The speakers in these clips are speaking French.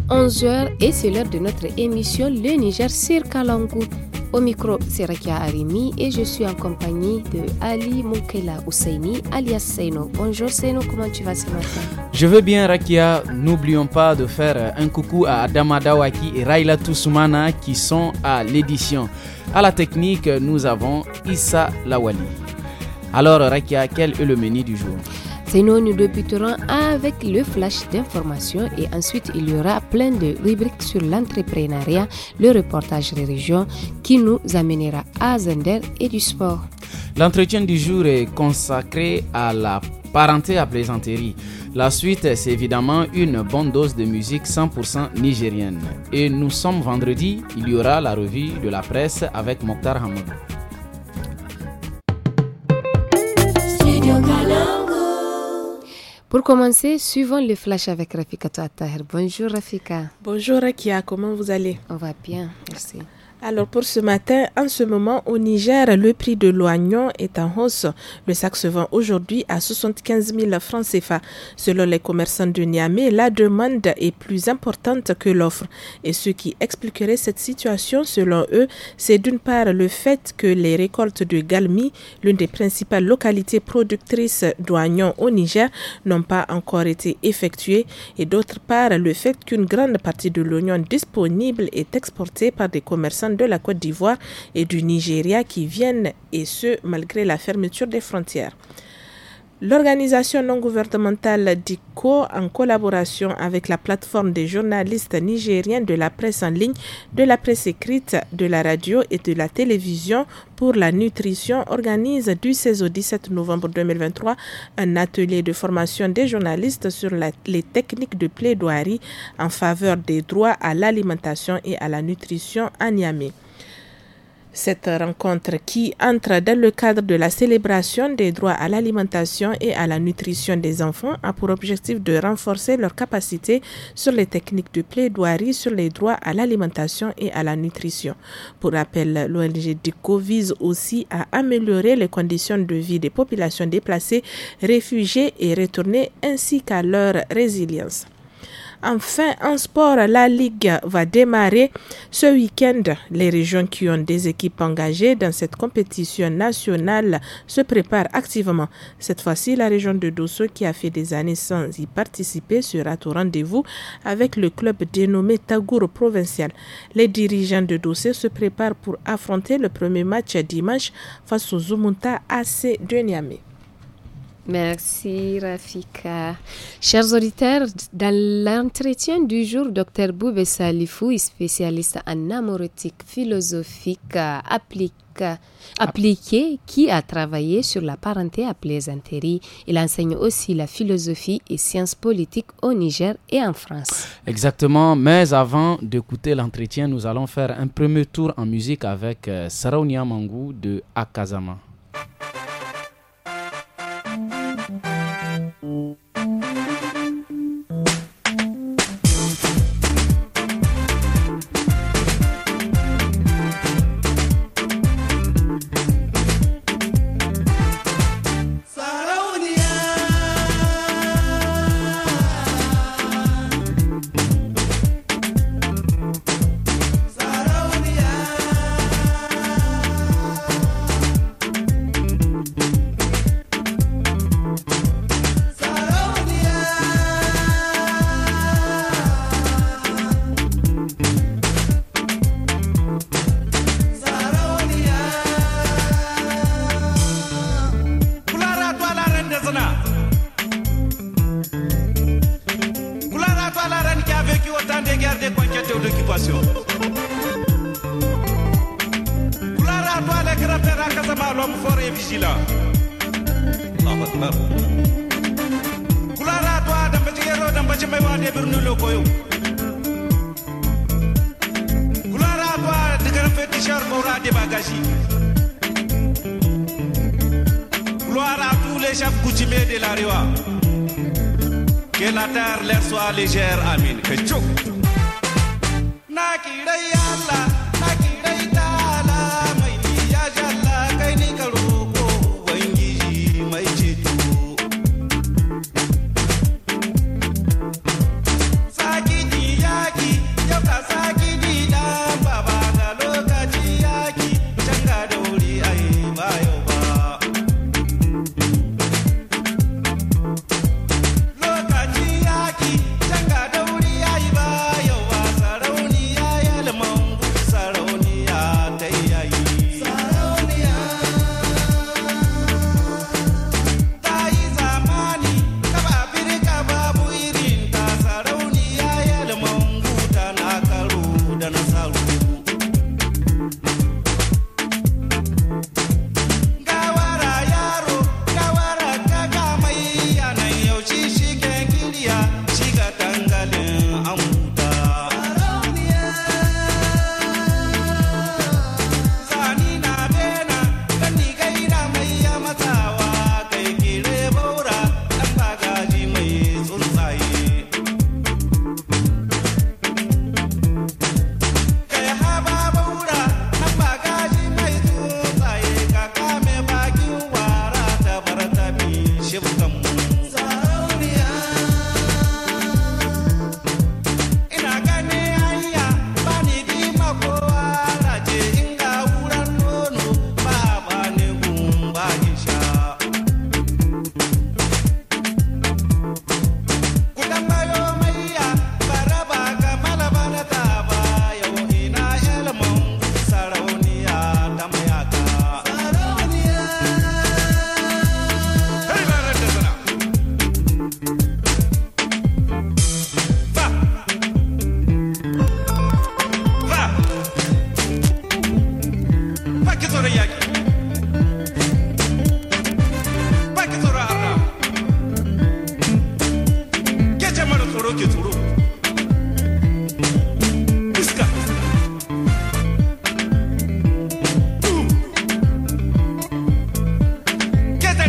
11h et c'est l'heure de notre émission Le Niger sur Kalangu. Au micro, c'est Rakia Arimi et je suis en compagnie de Ali Moukela Ousseini, alias Seino. Bonjour Seino, comment tu vas ce matin Je vais bien Rakia. N'oublions pas de faire un coucou à Adama Dawaki et Raila Toussoumana qui sont à l'édition. À la technique, nous avons Issa Lawali. Alors Rakia, quel est le menu du jour et nous débuterons avec le flash d'informations et ensuite il y aura plein de rubriques sur l'entrepreneuriat, le reportage des régions qui nous amènera à Zender et du sport. L'entretien du jour est consacré à la parenté à plaisanterie. La suite, c'est évidemment une bonne dose de musique 100% nigérienne. Et nous sommes vendredi, il y aura la revue de la presse avec Mokhtar Hamadou. Pour commencer, suivons le flash avec Rafika To'attaher. Bonjour Rafika. Bonjour Rakia, comment vous allez On va bien, merci. Alors pour ce matin, en ce moment au Niger, le prix de l'oignon est en hausse. Le sac se vend aujourd'hui à 75 000 francs CFA. Selon les commerçants de Niamey, la demande est plus importante que l'offre. Et ce qui expliquerait cette situation, selon eux, c'est d'une part le fait que les récoltes de Galmi, l'une des principales localités productrices d'oignons au Niger, n'ont pas encore été effectuées. Et d'autre part le fait qu'une grande partie de l'oignon disponible est exportée par des commerçants de la Côte d'Ivoire et du Nigeria qui viennent, et ce, malgré la fermeture des frontières. L'organisation non gouvernementale DICO, en collaboration avec la plateforme des journalistes nigériens de la presse en ligne, de la presse écrite, de la radio et de la télévision pour la nutrition, organise du 16 au 17 novembre 2023 un atelier de formation des journalistes sur les techniques de plaidoirie en faveur des droits à l'alimentation et à la nutrition à Niamey. Cette rencontre qui entre dans le cadre de la célébration des droits à l'alimentation et à la nutrition des enfants a pour objectif de renforcer leurs capacités sur les techniques de plaidoirie sur les droits à l'alimentation et à la nutrition. Pour rappel, l'ONG DICO vise aussi à améliorer les conditions de vie des populations déplacées, réfugiées et retournées ainsi qu'à leur résilience. Enfin, en sport, la Ligue va démarrer ce week-end. Les régions qui ont des équipes engagées dans cette compétition nationale se préparent activement. Cette fois-ci, la région de Dosso, qui a fait des années sans y participer, sera au rendez-vous avec le club dénommé Tagour Provincial. Les dirigeants de Dosso se préparent pour affronter le premier match dimanche face au Zumunta AC de Niamey. Merci Rafika. Chers auditeurs, dans l'entretien du jour, Dr Boube Salifou, spécialiste en amorétique philosophique appliquée, qui a travaillé sur la parenté à plaisanterie. Il enseigne aussi la philosophie et sciences politiques au Niger et en France. Exactement, mais avant d'écouter l'entretien, nous allons faire un premier tour en musique avec euh, saronia Mangou de Akazama.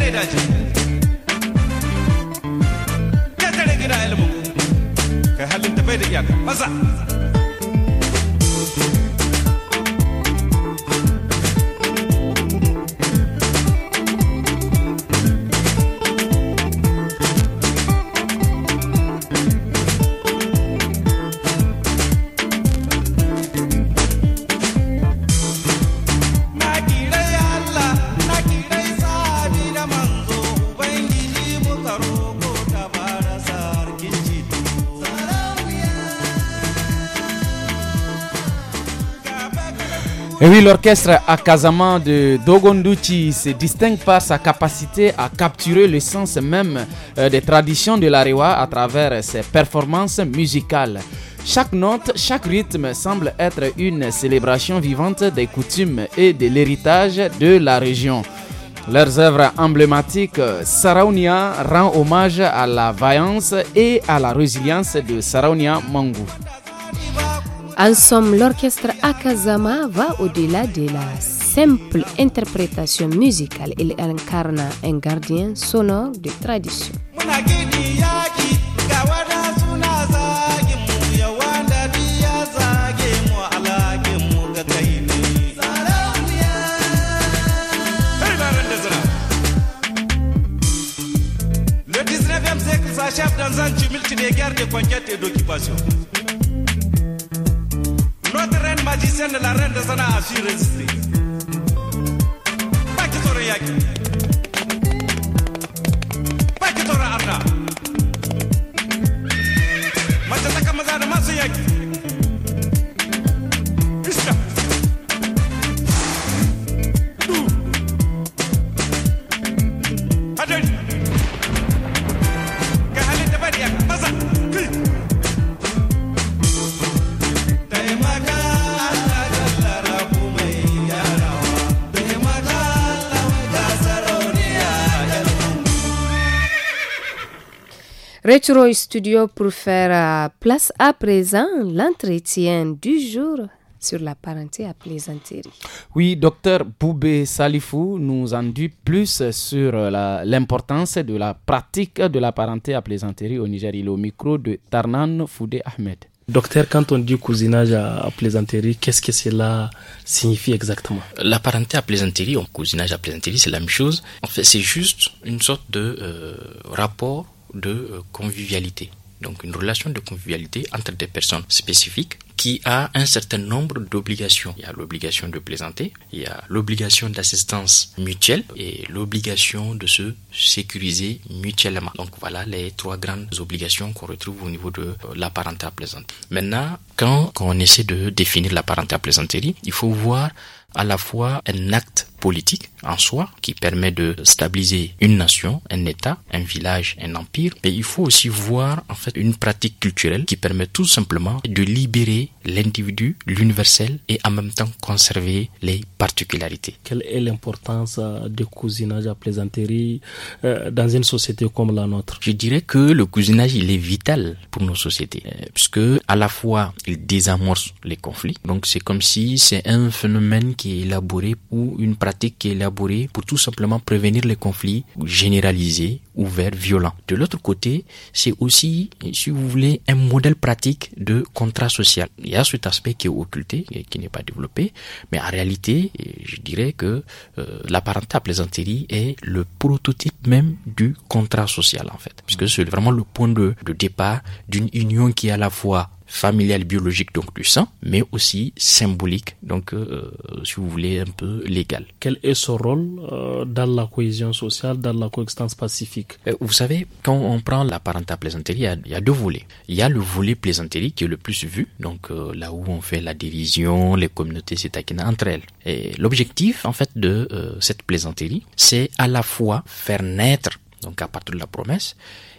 shaida ce tattare gida ilimin da oui, l'orchestre Akazama de Dogonduchi se distingue par sa capacité à capturer le sens même euh, des traditions de l'arewa à travers ses performances musicales. Chaque note, chaque rythme semble être une célébration vivante des coutumes et de l'héritage de la région. Leurs œuvres emblématiques, Saraunia rend hommage à la vaillance et à la résilience de Saraunia Mangu. En somme, l'orchestre Akazama va au-delà de la simple interprétation musicale. Il incarne un gardien sonore de tradition. Le 19e siècle s'achève dans un tumulte des guerres de conquête et d'occupation. ma ci la rente sana assurance di baki tore yaki baki tore arna mace saka maza da masu yaki Retro Studio pour faire euh, place à présent l'entretien du jour sur la parenté à plaisanterie. Oui, docteur Boubé Salifou nous en dit plus sur euh, l'importance de la pratique de la parenté à plaisanterie au Niger. Il au micro de Tarnan Foudé Ahmed. Docteur, quand on dit cousinage à, plaisanterie, qu'est-ce que cela signifie exactement La parenté à plaisanterie, ou cousinage à plaisanterie, c'est la même chose. En fait, c'est juste une sorte de euh, rapport de euh, convivialité. Donc une relation de convivialité entre des personnes spécifiques qui a un certain nombre d'obligations. Il y a l'obligation de plaisanter, il y a l'obligation d'assistance mutuelle et l'obligation de se sécuriser mutuellement. Donc voilà les trois grandes obligations qu'on retrouve au niveau de euh, la parenté à plaisanterie. Maintenant, quand on essaie de définir la parenté à plaisanterie, il faut voir à la fois un acte politique en soi qui permet de stabiliser une nation, un État, un village, un empire, mais il faut aussi voir en fait une pratique culturelle qui permet tout simplement de libérer l'individu, l'universel et en même temps conserver les particularités. Quelle est l'importance euh, du cousinage à plaisanterie euh, dans une société comme la nôtre Je dirais que le cousinage il est vital pour nos sociétés euh, puisque à la fois il désamorce les conflits, donc c'est comme si c'est un phénomène qui est élaboré pour une pratique élaborée pour tout simplement prévenir les conflits généralisés, ouverts, violents. De l'autre côté, c'est aussi, si vous voulez, un modèle pratique de contrat social. Il y a cet aspect qui est occulté, et qui n'est pas développé, mais en réalité, je dirais que euh, à plaisanterie est le prototype même du contrat social, en fait, puisque c'est vraiment le point de, de départ d'une union qui est à la fois familiale biologique donc du sang, mais aussi symbolique, donc euh, si vous voulez un peu légal. Quel est son rôle euh, dans la cohésion sociale, dans la coexistence pacifique euh, Vous savez, quand on prend la parenta plaisanterie, il, y, a, deux volets. Il y a le volet plaisanterie qui est le plus vu, donc là où on fait la division, les communautés s'étaquinent entre elles. Et l'objectif en fait de cette plaisanterie, c'est à la fois faire naître, donc à partir de la promesse,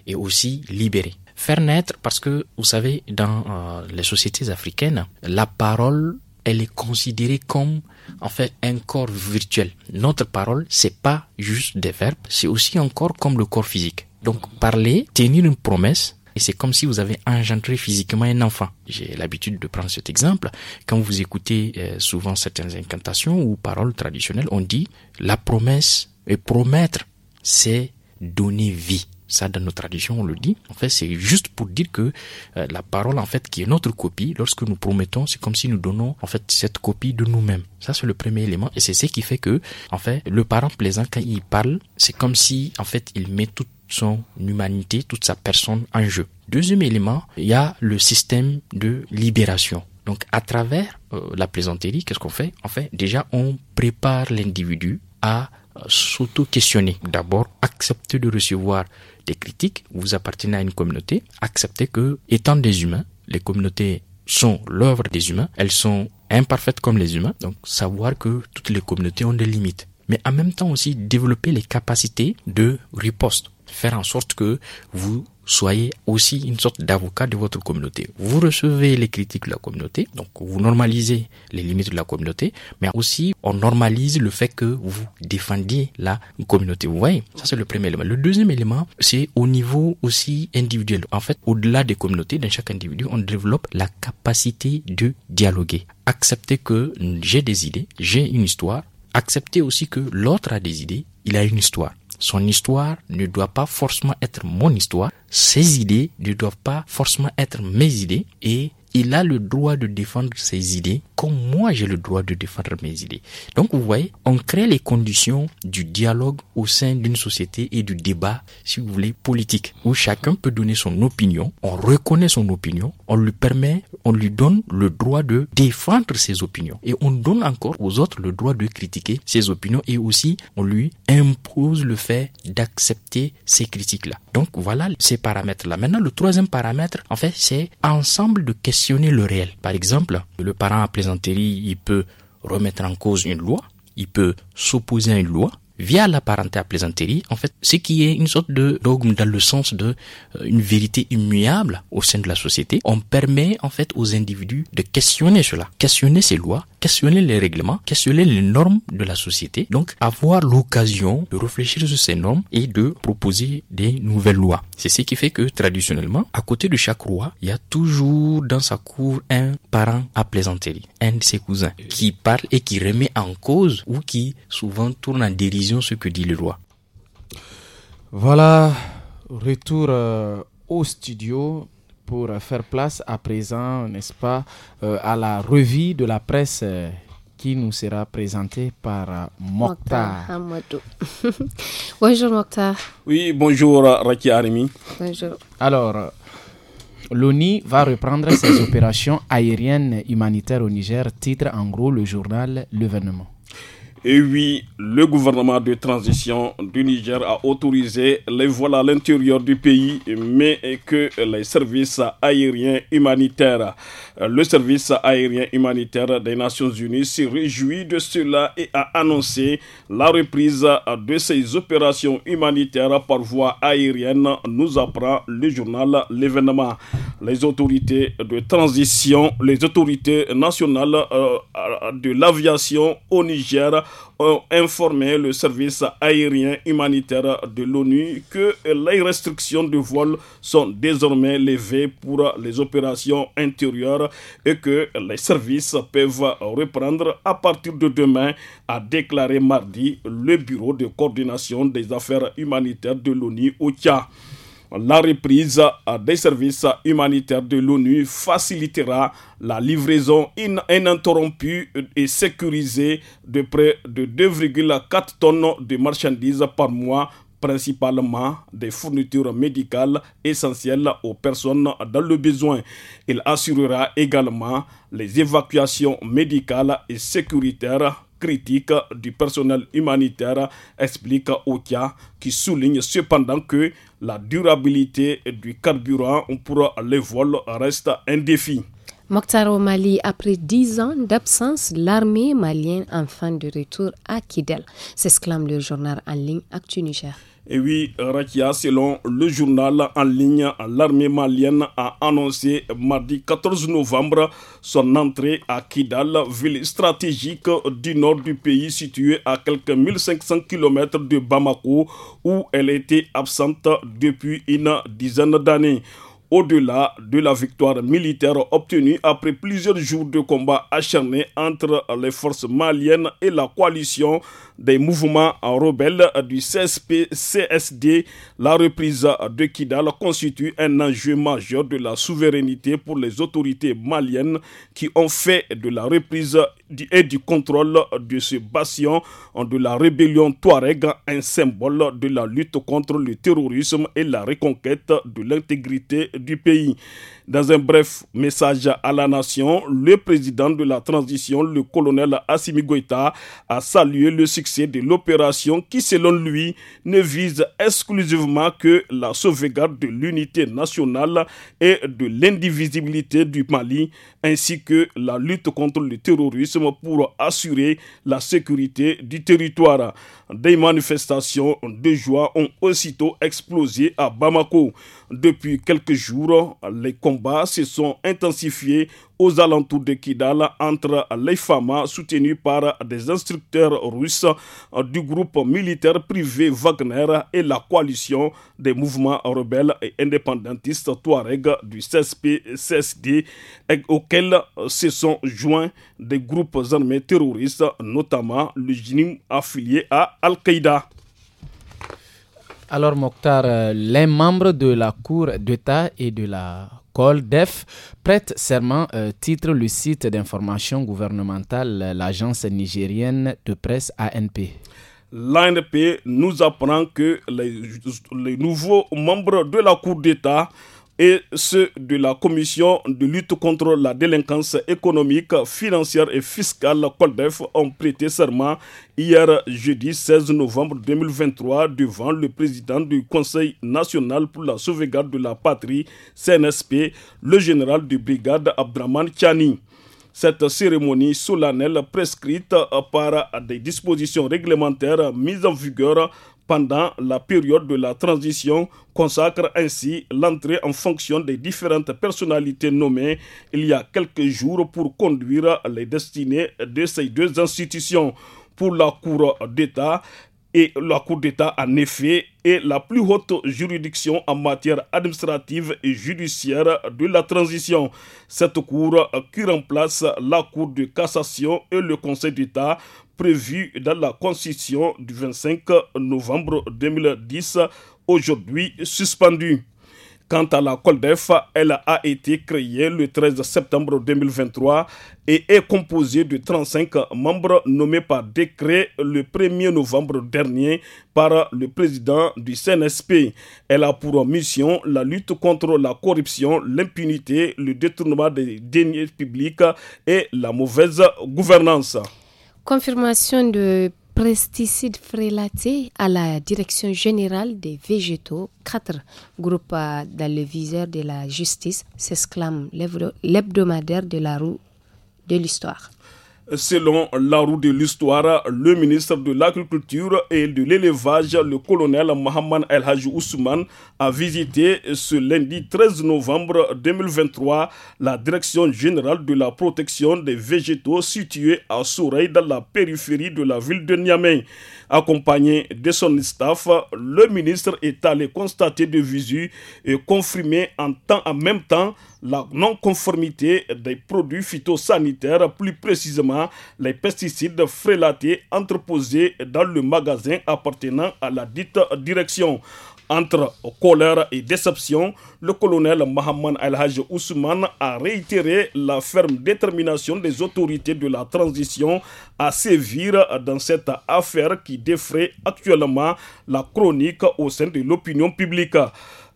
et aussi libérer. Faire naître, parce que vous savez, dans euh, les sociétés africaines, la parole, elle est considérée comme en fait un corps virtuel. Notre parole, c'est pas juste des verbes, c'est aussi un corps comme le corps physique. Donc parler, tenir une promesse, et c'est comme si vous avez engendré physiquement un enfant. J'ai l'habitude de prendre cet exemple. Quand vous écoutez euh, souvent certaines incantations ou paroles traditionnelles, on dit la promesse et promettre, c'est donner vie ça dans nos traditions on le dit. En fait, c'est juste pour dire que euh, la parole en fait qui est notre copie, lorsque nous promettons, c'est comme si nous donnons en fait cette copie de nous-mêmes. Ça c'est le premier élément et c'est ce qui fait que en fait le parent plaisant quand il parle, c'est comme si en fait il met toute son humanité, toute sa personne en jeu. Deuxième élément, il y a le système de libération. Donc à travers euh, la plaisanterie, qu'est-ce qu'on fait En fait, déjà on prépare l'individu à euh, s'auto-questionner. D'abord, accepter de recevoir des critiques, vous appartenez à une communauté, acceptez que, étant des humains, les communautés sont l'œuvre des humains, elles sont imparfaites comme les humains, donc savoir que toutes les communautés ont des limites. Mais en même temps aussi développer les capacités de riposte faire en sorte que vous soyez aussi une sorte d'avocat de votre communauté. Vous recevez les critiques de la communauté, donc vous normalisez les limites de la communauté, mais aussi on normalise le fait que vous défendiez la communauté. Vous voyez, ça c'est le premier élément. Le deuxième élément, c'est au niveau aussi individuel. En fait, au-delà des communautés, dans chaque individu, on développe la capacité de dialoguer. Accepter que j'ai des idées, j'ai une histoire. Accepter aussi que l'autre a des idées, il a une histoire. Son histoire ne doit pas forcément être mon histoire. Ses idées ne doivent pas forcément être mes idées. Et il a le droit de défendre ses idées comme moi j'ai le droit de défendre mes idées. Donc vous voyez, on crée les conditions du dialogue au sein d'une société et du débat, si vous voulez, politique, où chacun peut donner son opinion, on reconnaît son opinion, on lui permet, on lui donne le droit de défendre ses opinions. Et on donne encore aux autres le droit de critiquer ses opinions et aussi on lui impose le fait d'accepter ces critiques-là. Donc voilà ces paramètres-là. Maintenant, le troisième paramètre, en fait, c'est ensemble de questionner le réel. Par exemple, le parent a il peut remettre en cause une loi, il peut s'opposer à une loi, via la parenté à plaisanterie, en fait, ce qui est une sorte de dogme dans le sens de euh, une vérité immuable au sein de la société, on permet en fait aux individus de questionner cela, questionner ces lois, questionner les règlements, questionner les normes de la société, donc avoir l'occasion de réfléchir sur ces normes et de proposer des nouvelles lois. C'est ce qui fait que traditionnellement, à côté de chaque roi, il y a toujours dans sa cour un parent à plaisanterie, un de ses cousins, qui parle et qui remet en cause ou qui souvent tourne en dérision ce que dit le loi. Voilà, retour euh, au studio pour faire place à présent, n'est-ce pas, euh, à la revue de la presse euh, qui nous sera présentée par Mokhtar. bonjour Mokhtar. Oui, bonjour Raki Arimi. Bonjour. Alors, l'ONI va reprendre ses opérations aériennes humanitaires au Niger, titre en gros le journal L'événement. Et oui, le gouvernement de transition du Niger a autorisé les voiles à l'intérieur du pays, mais que les services aériens humanitaires. Le service aérien humanitaire des Nations Unies se réjouit de cela et a annoncé la reprise de ces opérations humanitaires par voie aérienne, nous apprend le journal L'événement. Les autorités de transition, les autorités nationales euh, de l'aviation au Niger ont informé le service aérien humanitaire de l'ONU que les restrictions de vol sont désormais levées pour les opérations intérieures et que les services peuvent reprendre à partir de demain, a déclaré mardi le Bureau de coordination des affaires humanitaires de l'ONU au Tchad. La reprise des services humanitaires de l'ONU facilitera la livraison ininterrompue et sécurisée de près de 2,4 tonnes de marchandises par mois principalement des fournitures médicales essentielles aux personnes dans le besoin. Il assurera également les évacuations médicales et sécuritaires critique du personnel humanitaire, explique Okia, qui souligne cependant que la durabilité du carburant pour les vols reste un défi. Mokhtar au Mali, après dix ans d'absence, l'armée malienne enfin de retour à Kidal, s'exclame le journal en ligne Actu Niger. Et oui, Rakia, selon le journal en ligne, l'armée malienne a annoncé mardi 14 novembre son entrée à Kidal, ville stratégique du nord du pays située à quelques 1500 km de Bamako, où elle était absente depuis une dizaine d'années. Au-delà de la victoire militaire obtenue après plusieurs jours de combats acharnés entre les forces maliennes et la coalition des mouvements rebelles du CSP CSD, la reprise de Kidal constitue un enjeu majeur de la souveraineté pour les autorités maliennes qui ont fait de la reprise et du contrôle de ce bastion de la rébellion Touareg, un symbole de la lutte contre le terrorisme et la reconquête de l'intégrité du pays. Dans un bref message à la nation, le président de la transition, le colonel Assimi Goïta, a salué le succès de l'opération qui, selon lui, ne vise exclusivement que la sauvegarde de l'unité nationale et de l'indivisibilité du Mali, ainsi que la lutte contre le terrorisme pour assurer la sécurité du territoire. Des manifestations de joie ont aussitôt explosé à Bamako. Depuis quelques jours, les combats se sont intensifiés aux alentours de Kidal entre les FAMA soutenus par des instructeurs russes du groupe militaire privé Wagner et la coalition des mouvements rebelles et indépendantistes Touareg du CSP-CSD auxquels se sont joints des groupes armés terroristes, notamment le JNIM affilié à Al-Qaïda. Alors Mokhtar, euh, les membres de la Cour d'État et de la COLDEF prêtent serment, euh, titre le site d'information gouvernementale, l'agence nigérienne de presse ANP. L'ANP nous apprend que les nouveaux membres de la Cour d'État et ceux de la Commission de lutte contre la délinquance économique, financière et fiscale Coldef, ont prêté serment hier jeudi 16 novembre 2023 devant le président du Conseil national pour la sauvegarde de la patrie, CNSP, le général de brigade Abdraman Tchani. Cette cérémonie solennelle prescrite par des dispositions réglementaires mises en vigueur pendant la période de la transition consacre ainsi l'entrée en fonction des différentes personnalités nommées il y a quelques jours pour conduire les destinées de ces deux institutions. Pour la Cour d'État, et la Cour d'État, en effet, est la plus haute juridiction en matière administrative et judiciaire de la transition. Cette Cour qui remplace la Cour de cassation et le Conseil d'État prévue dans la Constitution du 25 novembre 2010, aujourd'hui suspendue. Quant à la COLDEF, elle a été créée le 13 septembre 2023 et est composée de 35 membres nommés par décret le 1er novembre dernier par le président du CNSP. Elle a pour mission la lutte contre la corruption, l'impunité, le détournement des deniers publics et la mauvaise gouvernance. Confirmation de pesticides frélatés à la Direction générale des végétaux. Quatre groupes dans le viseur de la justice s'exclament l'hebdomadaire de la roue de l'histoire. Selon la roue de l'histoire, le ministre de l'Agriculture et de l'Élevage, le colonel Mohamed El Hajou Ousmane, a visité ce lundi 13 novembre 2023 la direction générale de la protection des végétaux située à Souraï dans la périphérie de la ville de Niamey. Accompagné de son staff, le ministre est allé constater de visu et confirmer en temps en même temps la non-conformité des produits phytosanitaires, plus précisément les pesticides frélatés entreposés dans le magasin appartenant à la dite direction. Entre colère et déception, le colonel Mohamed Al-Haj Ousmane a réitéré la ferme détermination des autorités de la transition à sévir dans cette affaire qui défraie actuellement la chronique au sein de l'opinion publique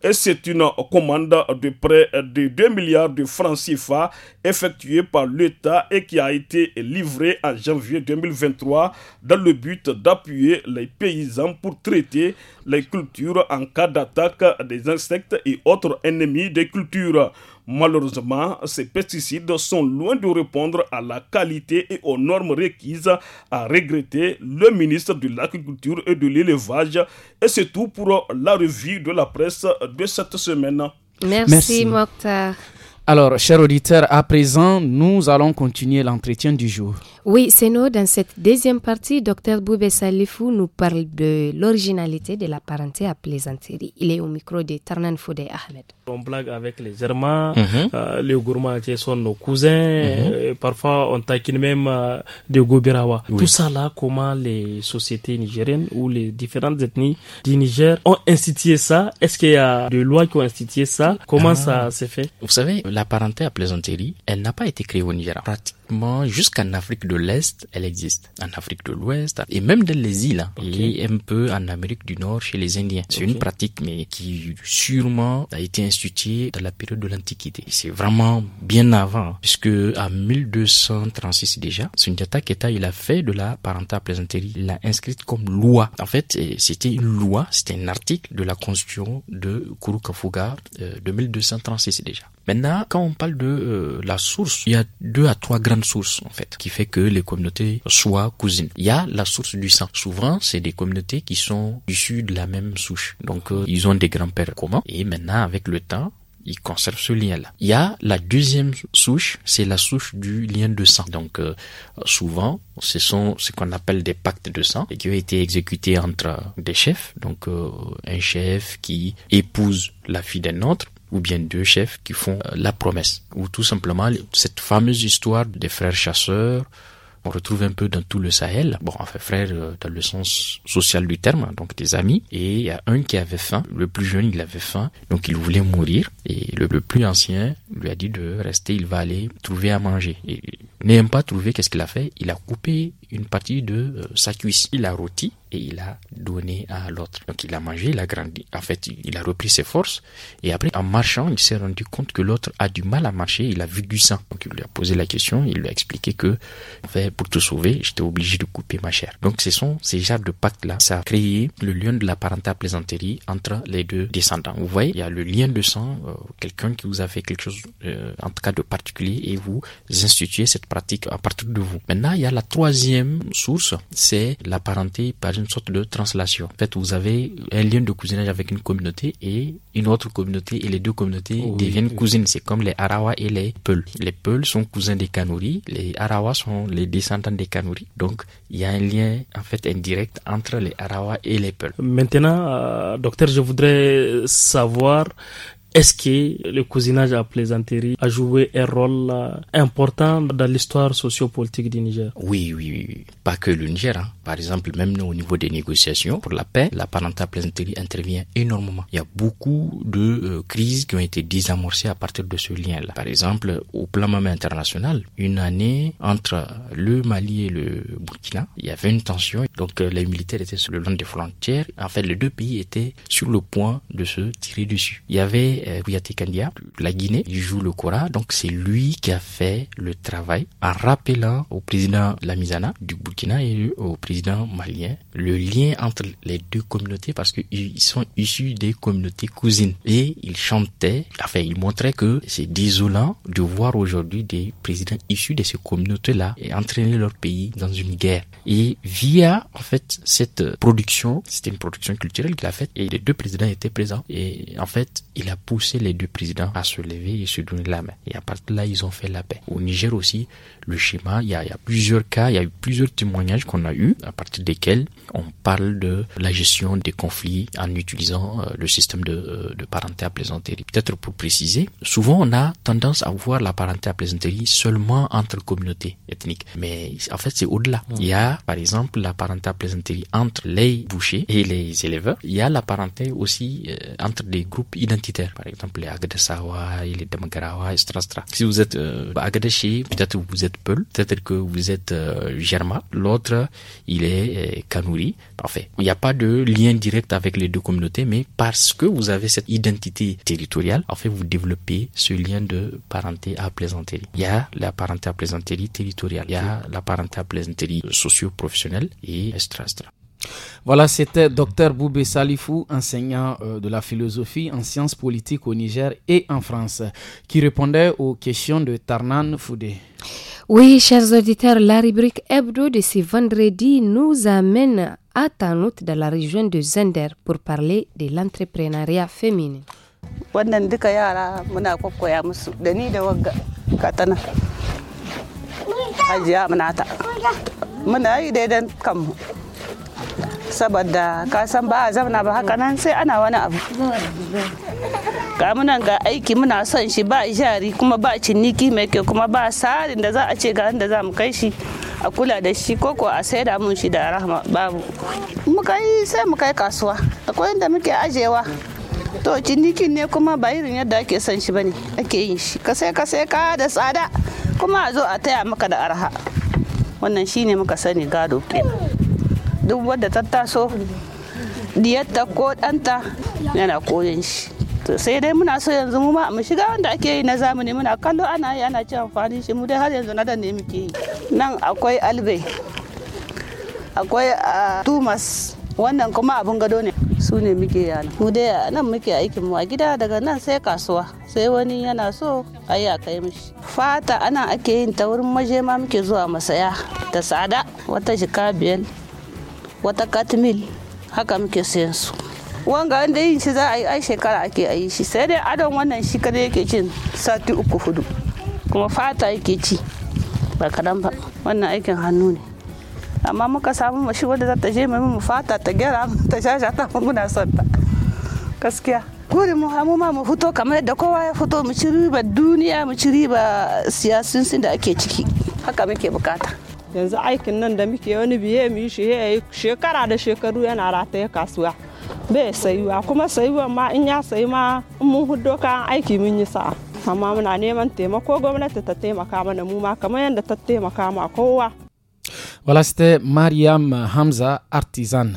et c'est une commande de près de 2 milliards de francs CFA effectuée par l'État et qui a été livrée en janvier 2023 dans le but d'appuyer les paysans pour traiter les cultures en cas d'attaque des insectes et autres ennemis des cultures. Malheureusement, ces pesticides sont loin de répondre à la qualité et aux normes requises, a regretté le ministre de l'Agriculture et de l'Élevage. Et c'est tout pour la revue de la presse de cette semaine. Merci, Merci. Alors, chers auditeurs, à présent, nous allons continuer l'entretien du jour. Oui, c'est nous. dans cette deuxième partie, Dr Boubé Salifou nous parle de l'originalité de la parenté à plaisanterie. Il est au micro de Tarnan Foudé Ahmed. On blague avec les Germains, mhm. euh, les Gourmands sont nos cousins, mhm. euh, parfois on taquine même euh, des Gobirawa. Tout ça là, comment les sociétés nigériennes ou les différentes ethnies du Niger ont institué ça Est-ce qu'il y a des lois qui ont institué ça Comment ah. ça s'est fait Vous savez, la parenté à plaisanterie, elle n'a pas été créée au Nigeria. Pratiquement jusqu'en Afrique de l'Est, elle existe. En Afrique de l'Ouest, et même dans les îles, hein. okay. un peu en Amérique du Nord chez les Indiens. C'est une pratique, mais qui sûrement a été instituée dans la période de l'Antiquité. C'est vraiment bien avant, hein, puisque à 1236 déjà, Sundiata Keta, il a fait de la parenté à plaisanterie, il l'a inscrite comme loi. En fait, c'était une loi, c'était un article de la constitution de Kafuga euh, de 1236 déjà. Maintenant, quand on parle de euh, la source, il y a deux à trois grandes sources en fait, qui fait que les communautés soient cousines. Il y a la source du sang. Souvent, c'est des communautés qui sont issues de la même souche. Donc, euh, ils ont des grands-pères communs. Et maintenant, avec le temps, ils conservent ce lien-là. Il y a la deuxième souche, c'est la souche du lien de sang. Donc euh, souvent, ce sont ce qu'on appelle des pactes de sang et qui ont été exécutés entre des chefs. Donc un chef qui épouse la fille d'un autre ou bien deux chefs qui font euh, la promesse, ou tout simplement cette fameuse histoire des frères chasseurs on retrouve un peu dans tout le Sahel. Bon, enfin, frère, euh, dans le sens social du terme, hein, donc des amis. Et il y a un qui avait faim. Le plus jeune, il avait faim. Donc, il voulait mourir. Et le, le plus ancien lui a dit de rester. Il va aller trouver à manger. Et N'ayant pas trouvé, qu'est-ce qu'il a fait Il a coupé une partie de euh, sa cuisse. Il a rôti et il a donné à l'autre. Donc il a mangé, il a grandi. En fait, il a repris ses forces. Et après, en marchant, il s'est rendu compte que l'autre a du mal à marcher. Il a vu du sang. Donc il lui a posé la question. Il lui a expliqué que, pour te sauver, j'étais obligé de couper ma chair. Donc ce sont ces genres de pactes-là. Ça a créé le lien de la parentale plaisanterie entre les deux descendants. Vous voyez, il y a le lien de sang. Euh, quelqu'un qui vous a fait quelque chose, euh, en tout cas de particulier, et vous instituez cette pratique à partir de vous. Maintenant, il y a la troisième source, c'est la parenté par une sorte de translation. En fait, vous avez un lien de cousinage avec une communauté et une autre communauté et les deux communautés deviennent cousines. C'est comme les Arawa et les Peuls. Les Peuls sont cousins des Kanuri, les Arawa sont les descendants des Kanuri. Donc, il y a un lien en fait indirect entre les Arawa et les Peuls. Maintenant, euh, docteur, je voudrais savoir est-ce que le cousinage à plaisanterie a joué un rôle euh, important dans l'histoire sociopolitique du Niger oui, oui, Pas que le Niger. Hein. Par exemple, même au niveau des négociations pour la paix, la parental plaisanterie intervient énormément. Il y a beaucoup de euh, crises qui ont été désamorcées à partir de ce lien-là. Par exemple, au plan même international, une année entre le Mali et le Burkina, il y avait une tension. Donc euh, les militaires étaient sur le long des frontières. En fait, les deux pays étaient sur le point de se tirer dessus. Il y avait euh, la Guinée. Il joue le Kora, donc c'est lui qui a fait le travail en rappelant au président Lamizana du Burkina et au président malien le lien entre les deux communautés parce qu'ils sont issus des communautés cousines. Et il chantait, enfin il montrait que c'est désolant de voir aujourd'hui des présidents issus de ces communautés-là et entraîner leur pays dans une guerre. Et via en fait cette production, c'était une production culturelle qu'il a faite et les deux présidents étaient présents et en fait il a pousser les deux présidents à se lever et se donner la main. Et à partir de là, ils ont fait la paix. Au Niger aussi, le schéma. Il y, a, il y a plusieurs cas, il y a eu plusieurs témoignages qu'on a eus, à partir desquels on parle de la gestion des conflits en utilisant euh, le système de, euh, de parenté à plaisanterie. Peut-être pour préciser, souvent on a tendance à voir la parenté à plaisanterie seulement entre communautés ethniques. Mais en fait, c'est au-delà. Il y a, par exemple, la parenté à plaisanterie entre les bouchers et les éleveurs. Il y a la parenté aussi euh, entre des groupes identitaires, par exemple les Agdesawa et les Damgarawa, etc. Si vous êtes euh, peut-être vous êtes Peul, peut-être que vous êtes euh, Germa, l'autre il est euh, Kanouri. Parfait. Il n'y a pas de lien direct avec les deux communautés, mais parce que vous avez cette identité territoriale, en fait vous développez ce lien de parenté à plaisanterie. Il y a la parenté à plaisanterie territoriale, il y a la parenté à plaisanterie socio-professionnelle et extra Voilà, c'était Dr Boubé Salifou, enseignant euh, de la philosophie en sciences politiques au Niger et en France, qui répondait aux questions de Tarnan Foudé. Oui, chers auditeurs, la rubrique hebdo de ce vendredi nous amène à Tanout dans la région de Zender pour parler de l'entrepreneuriat féminin. saboda ka san ba a zauna ba haka nan sai ana wani abu ga munan ga aiki muna son shi ba jari kuma ba ciniki mai kyau kuma ba sarin da za a ce ga da za mu kai shi a kula da shi ko ko a saida mun shi da rahama babu mu yi sai mu kai kasuwa akwai inda muke ajewa to cinikin ne kuma ba irin yadda ake son shi bane ake yin shi ka sai ka sai ka da tsada kuma a zo a taya maka da arha wannan shine muka sani gado kenan duk wanda ta taso diyatta ko ɗanta yana koyon shi to sai dai muna so yanzu mu ma mu shiga wanda ake yi na zamani muna kallo ana yi ana ci amfani shi mu dai har yanzu na da ne muke yi nan akwai albe akwai ah, tumas wannan kuma abin gado ne su ne muke yana mu dai nan muke aikin mu a gida daga nan sai kasuwa sai wani yana so a yi a kai mishi fata ana ake yin ta wurin maje ma muke zuwa masaya da tsada wata jika biyar wata katmil haka muke sayan su wanga wanda yin shi za a yi ai shekara ake a yi shi sai dai adon wannan shi kada yake cin sati uku hudu kuma fata yake ci ba kadan ba wannan aikin hannu ne amma muka samu mashi wadda za ta je mai mu fata ta gyara ta shasha ta muna son ta gaskiya guri mu hamu ma mu fito kamar yadda kowa ya fito mu ci riba duniya mu ci riba siyasin da ake ciki haka muke bukata yanzu aikin nan da muke wani biye mu yi shi ya eh, shekara da shekaru yana rataye kasuwa bai sayuwa kuma sayuwa ma in ya sayi ma in mun hudo kayan aiki mun yi sa'a amma muna neman taimako gwamnati ta taimaka mana mu ma kamar yadda ta taimaka ma kowa. Voilà, c'était Mariam Hamza, artisan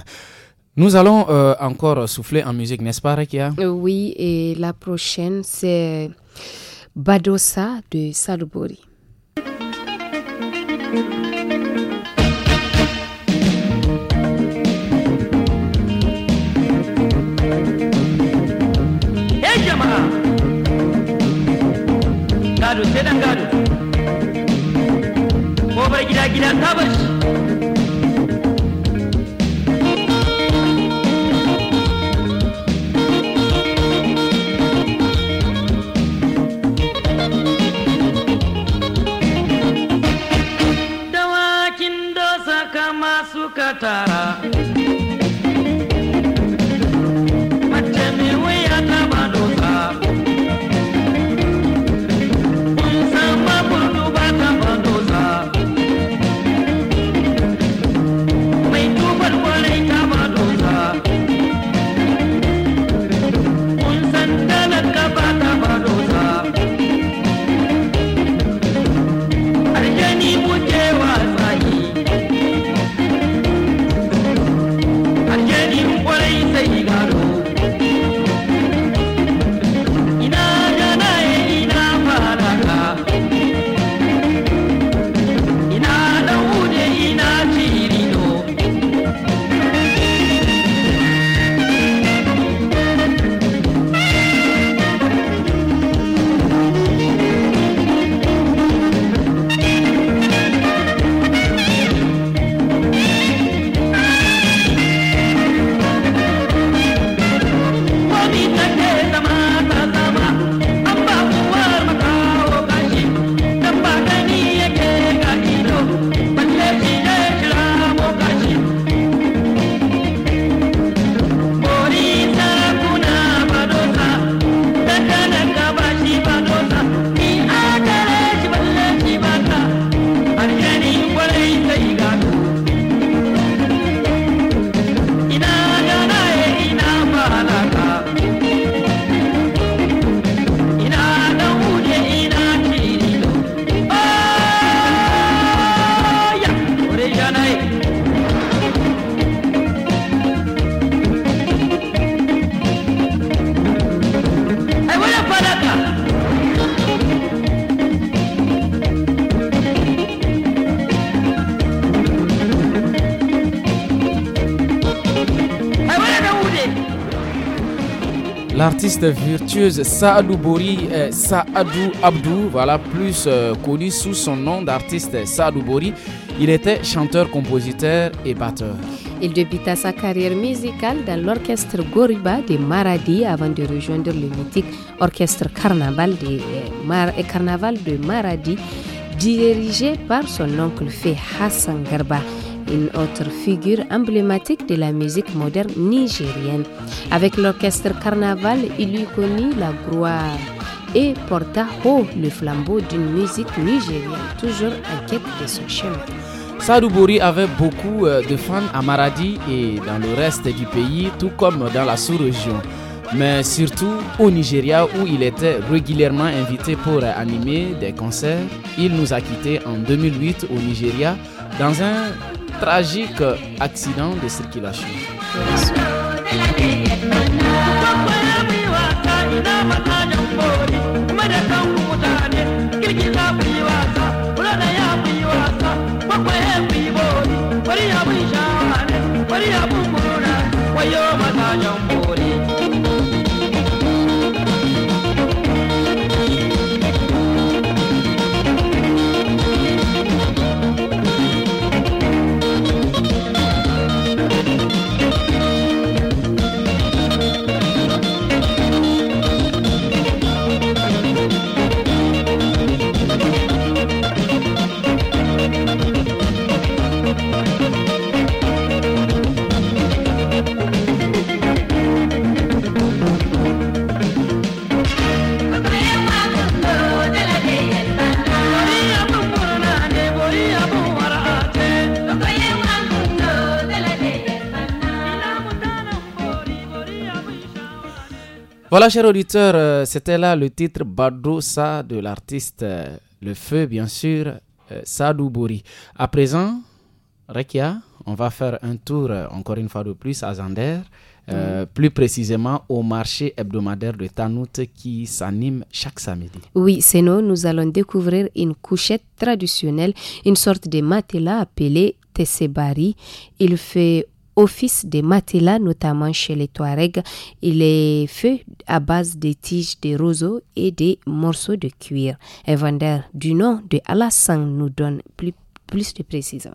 Nous allons euh, encore souffler en musique, n'est-ce pas, Rekia euh, Oui, et la prochaine, c'est Badossa de Salbori. gire giren tabış. Dawakin dosa kama suka tara. l'artiste virtueuse Saadou Bori, eh, Abdou, voilà, plus euh, connu sous son nom d'artiste Saadou Bori. Il était chanteur, compositeur et batteur. Il débuta sa carrière musicale dans l'orchestre Goriba de Maradi avant de rejoindre le mythique orchestre Carnaval de, eh, eh, Carnaval de Maradi, dirigé par son oncle fait Hassan Garba une autre figure emblématique de la musique moderne nigérienne. Avec l'orchestre Carnaval, il lui connut la gloire et porta haut le flambeau d'une musique nigérienne, toujours en quête de son chemin. Sadou Bouri avait beaucoup euh, de fans à Maradi et dans le reste du pays, tout comme dans la sous-région mais surtout au Nigeria où il était régulièrement invité pour animer des concerts. Il nous a quittés en 2008 au Nigeria dans un tragique accident de circulation. Voilà, chers auditeurs, euh, c'était là le titre Badoussa de l'artiste euh, Le Feu, bien sûr, euh, Sadou Bouri. À présent, Rekia, on va faire un tour, encore une fois de plus, à Zander. plus précisément au marché hebdomadaire de Tanout qui s'anime chaque samedi. Oui, c'est nous, nous allons découvrir une couchette traditionnelle, une sorte de matelas appelé Tesebari. Il fait office des matelas, notamment chez les Touaregs. Il est fait à base de tiges de roseaux et des morceaux de cuir. Un vendeur du nom de Alassane nous donne plus, plus de précisions.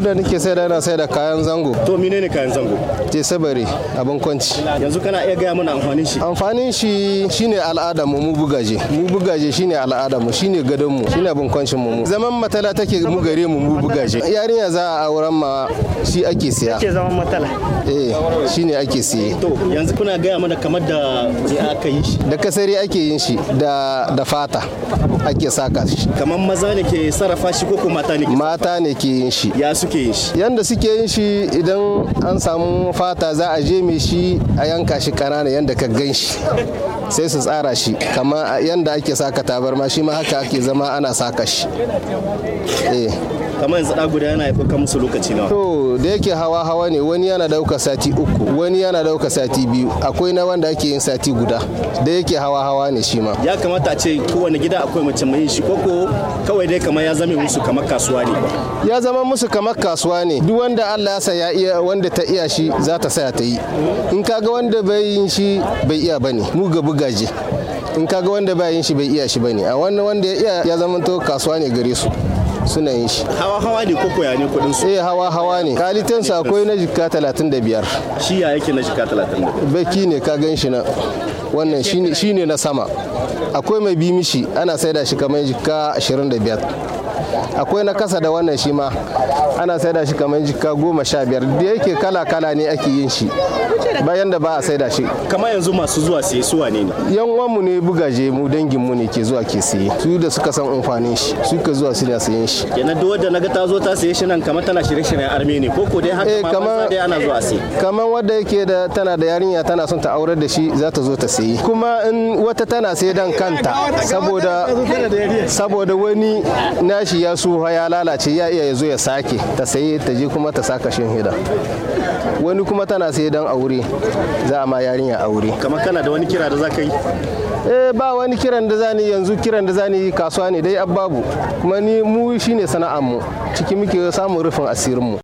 da nake sai da yana sai da kayan zango to menene kayan zango je sabari abin kwanci yanzu kana iya gaya mana amfanin shi amfanin shi shine al'ada mu mu bugaje mu bugaje shine al'ada mu shine gadon mu shine abin kwancin mu zaman matala take mu gare mu mu bugaje yarinya za a auren ma shi ake siya ake zaman matala eh shine ake siye to yanzu kuna gaya mana kamar da je aka yi shi da kasari ake yin shi da da fata ake saka shi kamar maza ne ke sarrafa shi ko ko mata ne mata ne ke yin shi ya suke yin shi yanda suke yin shi idan an samu fata za a je mai shi a yanka shi kanana yanda ka gan shi sai su tsara shi kama yanda ake saka tabarma shi ma haka ake zama ana saka shi eh. kamar yanzu da guda yana ka musu lokaci nawa to da yake hawa hawa ne wani yana ɗauka sati uku wani yana ɗauka sati biyu akwai na wanda ake yin sati guda da yake hawa hawa ne shi ma ya kamata a ce kowane gida akwai mace mai shi koko kawai dai kamar ya zame musu kamar kasuwa ne ya zama musu kamar kamar kasuwa ne duk wanda Allah ya saya iya wanda ta iya shi za ta saya ta yi in kaga wanda bai yin shi bai iya bane mu ga bugaje in kaga wanda bai yin shi bai iya shi bane a wannan wanda ya iya ya zama to kasuwa ne gare su suna yin shi hawa hawa ne ko koya ne kudin su eh hawa hawa ne kalitan sa akwai na jikka 35 shi ya yake na jikka 35 baki ne ka gan shi na wannan shine shine na sama akwai mai bi mishi ana saida shi kamar jikka 25 akwai na kasa da wannan shi ma ana saida shi kamar jika goma sha biyar da yake kala kala ne ake yin shi bayan da ba a saida shi kamar yanzu masu zuwa siye suwa ne ne yan uwanmu ne bugaje mu dangin mu ne ke zuwa ke siye su da suka san amfanin shi su ka zuwa su da yin shi kenan duk wanda naga ta zo ta siye shi nan kamar tana shirye-shiryen arme ne ko ko dai haka eh, ma dai ana zuwa siye kamar wanda yake da tana da yarinya tana son ta aurar da shi za ta zo ta siye kuma in wata tana sai dan kanta saboda saboda wani nashi ya suha ya lalace ya iya ya zo ya sake ta saye ta je kuma ta saka shin hida wani kuma tana sayi don aure za a ma yarinya aure kamar kana da wani kira da za ka yi eh ba wani kiran da zani yanzu kiran da zani kasuwa ne dai ababu kuma ni mu shine sana'ar mu ciki muke samun rufin asirin mu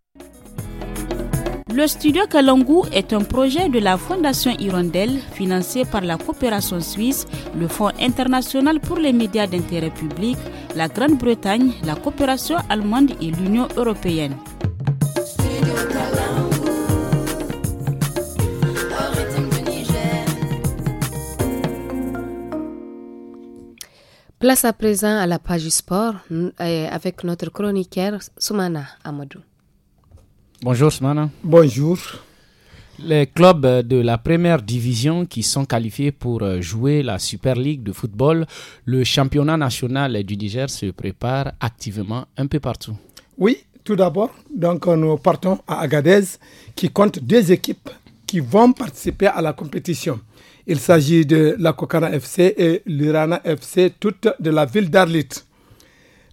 Le studio Kalangu est un projet de la Fondation Hirondelle financé par la coopération suisse, le Fonds international pour les médias d'intérêt public, la Grande-Bretagne, la coopération allemande et l'Union européenne. Place à présent à la page sport euh, avec notre chroniqueur Soumana Amadou. Bonjour Smana. Bonjour. Les clubs de la première division qui sont qualifiés pour jouer la Super League de football, le championnat national du Niger se prépare activement un peu partout. Oui, tout d'abord, donc nous partons à Agadez qui compte deux équipes qui vont participer à la compétition. Il s'agit de la Kokana FC et l'Irana FC, toutes de la ville d'Arlit.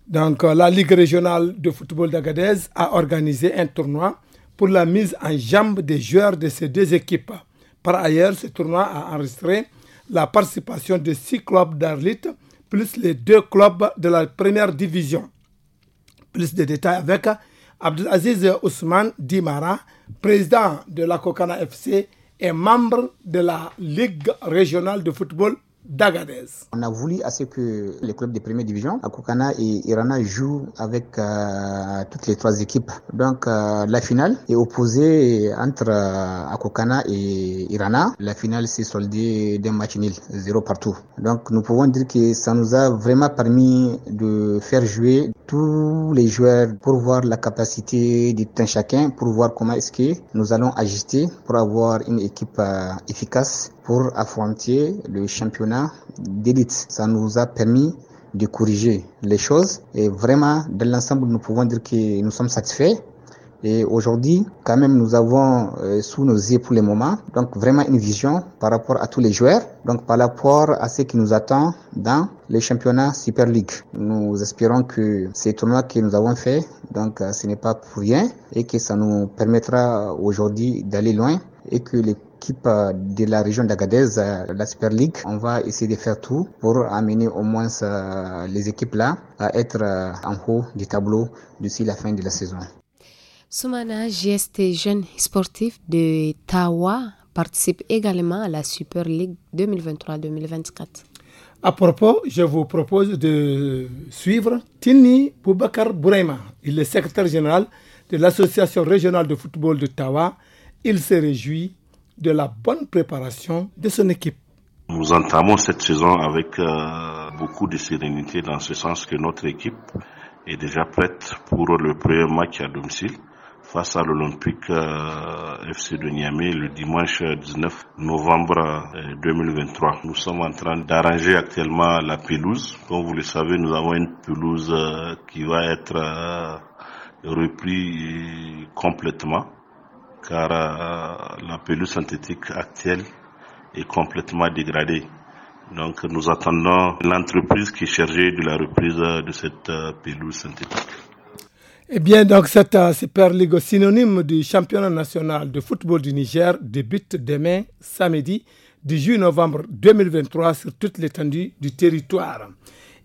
Donc, euh, la Ligue régionale de football d'Agadez a organisé un tournoi pour la mise en jambe des joueurs de ces deux équipes. Par ailleurs, ce tournoi a enregistré la participation de six clubs d'Arlite plus les deux clubs de la première division. Plus de détails avec Abdelaziz Ousmane Dimara, président de la Kokana FC et membre de la Ligue régionale de football on a voulu assez que les clubs de première division, Akokana et Irana, jouent avec euh, toutes les trois équipes. Donc euh, la finale est opposée entre Akokana euh, et Irana. La finale s'est soldée d'un match nul, zéro partout. Donc nous pouvons dire que ça nous a vraiment permis de faire jouer tous les joueurs pour voir la capacité de chacun, pour voir comment est-ce que nous allons ajuster pour avoir une équipe efficace pour affronter le championnat d'élite. Ça nous a permis de corriger les choses. Et vraiment, dans l'ensemble, nous pouvons dire que nous sommes satisfaits. Et aujourd'hui, quand même, nous avons euh, sous nos yeux pour le moment, donc vraiment une vision par rapport à tous les joueurs, donc par rapport à ce qui nous attend dans les championnats Super League. Nous espérons que ces tournois que nous avons fait, donc euh, ce n'est pas pour rien et que ça nous permettra aujourd'hui d'aller loin et que les euh, de la région d'Agadez, euh, la Super League. On va essayer de faire tout pour amener au moins euh, les équipes-là à être en haut du tableau d'ici la fin de la saison. Soumana, GST jeune sportif de Tawa, participe également à la Super League 2023-2024. À propos, je vous propose de suivre Tini Boubacar Bourema. Il est secrétaire général de l'Association régionale de football de Tawa. Il se réjouit de la bonne préparation de son équipe. Nous entamons cette saison avec euh, beaucoup de sérénité dans ce sens que notre équipe est déjà prête pour le premier match à domicile face à l'Olympique euh, FC de Niamey le dimanche 19 novembre 2023. Euh, nous sommes en train d'arranger actuellement la pelouse. Comme vous le savez, nous avons une pelouse qui va être reprise complètement car euh, la pelouse synthétique actuelle est complètement dégradée. Donc nous attendons l'entreprise qui est chargée de la reprise de cette euh, pelouse synthétique. Eh bien, donc cette euh, Super League synonyme du championnat national de football du Niger débute demain, samedi, 18 novembre 2023, sur toute l'étendue du territoire.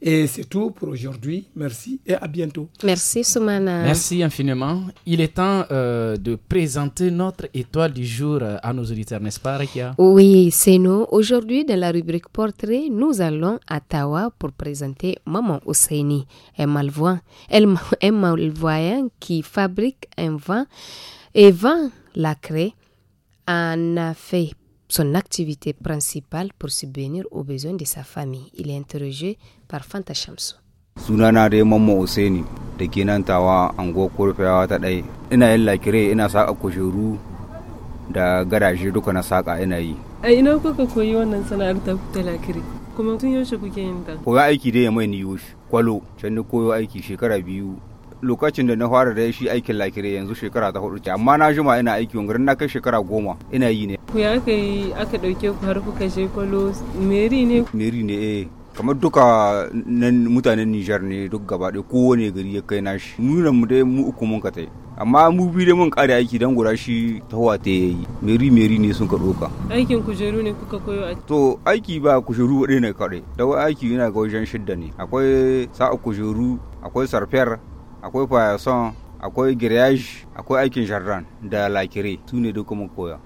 Et c'est tout pour aujourd'hui. Merci et à bientôt. Merci Soumana. Merci infiniment. Il est temps euh, de présenter notre étoile du jour euh, à nos auditeurs, n'est-ce pas Rekia Oui, c'est nous. Aujourd'hui, dans la rubrique portrait, nous allons à Tawa pour présenter Maman Ousseini, un malvoyant, un qui fabrique un vin et vend la craie en Afrique. fait son activité principale pour subvenir aux besoins de sa famille. Il est interrogé par Fanta Shamsou. sunana dai mamma Useni da ke nan tawa ango korfewa ta ɗai ina yin lakire ina saka da garaje duka na saƙa ina yi a eh, ina kuka koyi wannan sana'ar ta ta lakire kuma tun yaushe kuke yin ta koyo aiki dai ya mai ni yoshi kwalo can koyo aiki shekara biyu lokacin da na fara da shi aikin lakire yanzu shekara ta hudu ce amma na jima ina aiki wangarin na kai shekara goma ina yi ne ku ya aka yi aka dauke ku har kuka je kwalo meri ne meri ne eh kamar duka nan mutanen Nijar ne duk gaba ɗaya kowane gari ya kai nashi nuna mu dai mu uku mun ka tai amma mu bi dai mun kare aiki dan guda shi wata ya yi meri meri ne sun ka aikin kujeru ne kuka koyo a to aiki ba kujeru ɗaya ne kare da aiki yana ga wajen shidda ne akwai sa'a kujeru akwai sarfiyar akwai fayason akwai giriyaj akwai aikin jardin da lakire su ne duka mu koya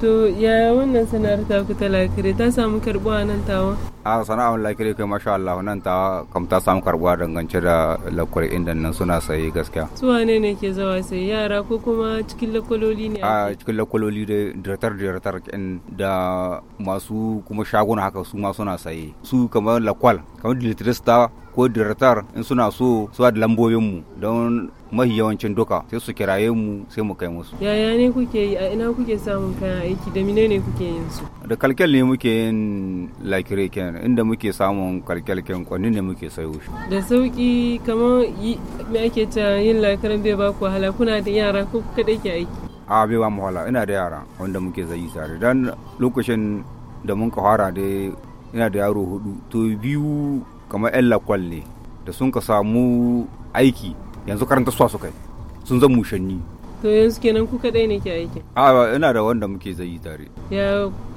to ya wannan sana'ar ta ku ta lakire ta samu karbuwa nan tawa a sana'ar lakire kai masha Allah nan ta kam ta samu karbuwa dangance da lakure inda nan suna saye gaskiya su wane ne ke zawa sai yara ko kuma cikin lakwaloli ne a cikin lakwaloli da diratar diratar da masu kuma shaguna haka su ma suna saye su kamar lakwal kamar dilitris ko diratar in suna so su da lambobinmu don mahi yawancin duka sai su kiraye mu sai mu kai musu. Yaya ne kuke yi a ina kuke samun kayan aiki da mine ne kuke yin su? Da kalkel ne muke yin lakire ken inda muke samun kalkel ken kwanin ne muke sayo shi. Da sauki kamar me ake ta yin lakiran bai ba ku wahala kuna da yara ko kaɗai ke aiki? A bai ba mu wahala ina da yara wanda muke zai tare dan lokacin da mun ka fara dai ina da yaro hudu to biyu kamar 'yan lakwal ne da sun ka samu aiki yanzu karanta su kai sun zan mushanni to yanzu kenan ku kaɗai ne ke aiki a ina da wanda muke zai tare ya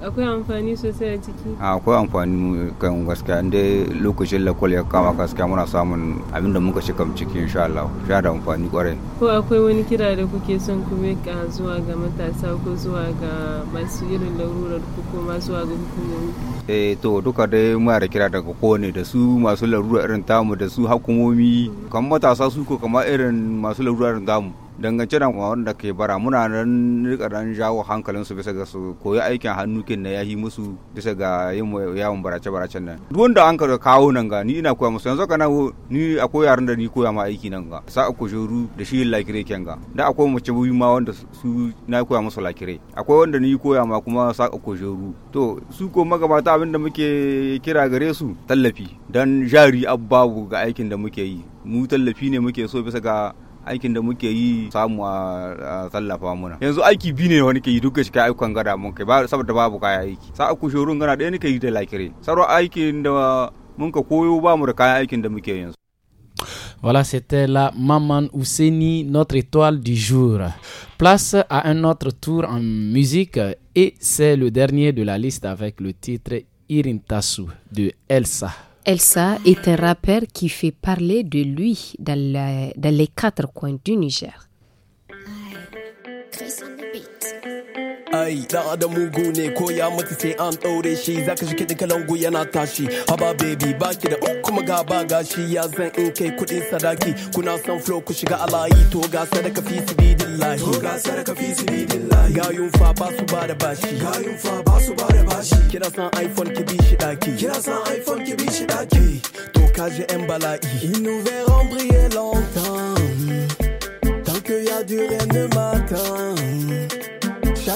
akwai amfani sosai a ciki a akwai amfani kan gaskiya inda lokacin lakwal ya kama gaskiya muna samun abin da muka shikam ciki insha Allah sha da amfani kwarai ko akwai wani kira da kuke son ku mika zuwa ga matasa ko zuwa ga masu irin larurar ku ko masu zuwa ga hukumomi eh to duka dai muna da kira daga kowane da su masu larura irin tamu da su hukumomi kan matasa su ko kamar irin masu larura irin tamu dangance da wanda ke bara muna nan rika dan jawo hankalin su bisa ga su koyi aikin hannu kin na yahi musu bisa ga yin yawon barace baracen nan duk wanda an ka kawo nan ga ni ina koya musu yanzu kana ni akwai yaran da ni koya ma aiki nan ga sa ku juru da shi lakire ken ga da akwai mace biyu ma wanda su na koya musu lakire akwai wanda ni koya ma kuma sa ku juru to su ko magabata abin da muke kira gare su tallafi dan jari ababu ga aikin da muke yi mu tallafi ne muke so bisa ga aikin da muke yi samu a tallafa muna yanzu aiki bi ne wani ke yi duka shiga ayyukan gada mun kai saboda babu kaya aiki sa'a kushorun gana ɗaya ne ke yi da lakire sauran aikin da mun ka koyo ba mu da kaya aikin da muke yanzu Voilà, c'était la Maman Ouseni, notre étoile du jour. Place à un autre tour en musique et c'est le dernier de la liste avec le titre Irintasu de Elsa. Elsa est un rappeur qui fait parler de lui dans, les quatre coins du Niger. Aïe, la da mugu koya ko ya mutu sai an ɗaure shi zaka shi kalongou kalangu yana tashi haba baby baki da oh, kuma ga ba gashi ya zan inke kai sadaki kuna son flow ku shiga alayi to ga sadaka fi sibidillahi to ga sadaka fi sibidillahi gayun fa ba su ba da bashi gayun fa ba su ba da bashi kira san iphone ki bi shi daki kira san iphone ki bi shi daki to ka je en bala'i ils nous verront briller longtemps tant que y a du rien ne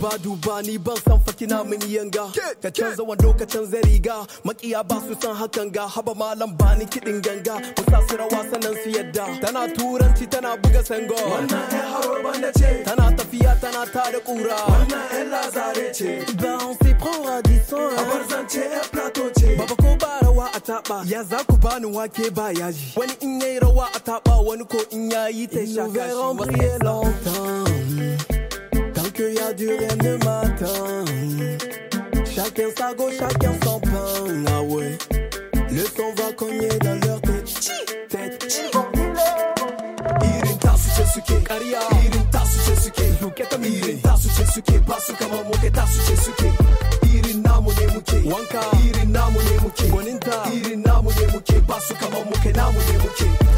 ba duba ni ban san fakina mini yanga ka canza wando ka canza riga makiya ba su san hakan ga haba malam ba ni kiɗin ganga ku sa su rawa sanan su yadda tana turanci tana buga sango wannan ya haro banda ce tana tafiya tana ta da kura wannan ya lazare ce ba on se prend à distance a barzance ya plateau ce baba ko ba rawa a taba ya za ku bani wake ba yaji wani in yayi rawa a taba wani ko in yayi ta shaka shi wasu longtemps Que qu'il y a du rien de matin. Chacun sa gauche, chacun son pain. Ah ouais, le son va cogner dans leur tête. Tête, suke ƙarya irin tasu ce suke su ta irin tasu ce su ba su kama muke su ce suke irin namu ne muke wanka irin mo ne muke gwaninta irin mo ne muke ba mo kama muke mo ne muke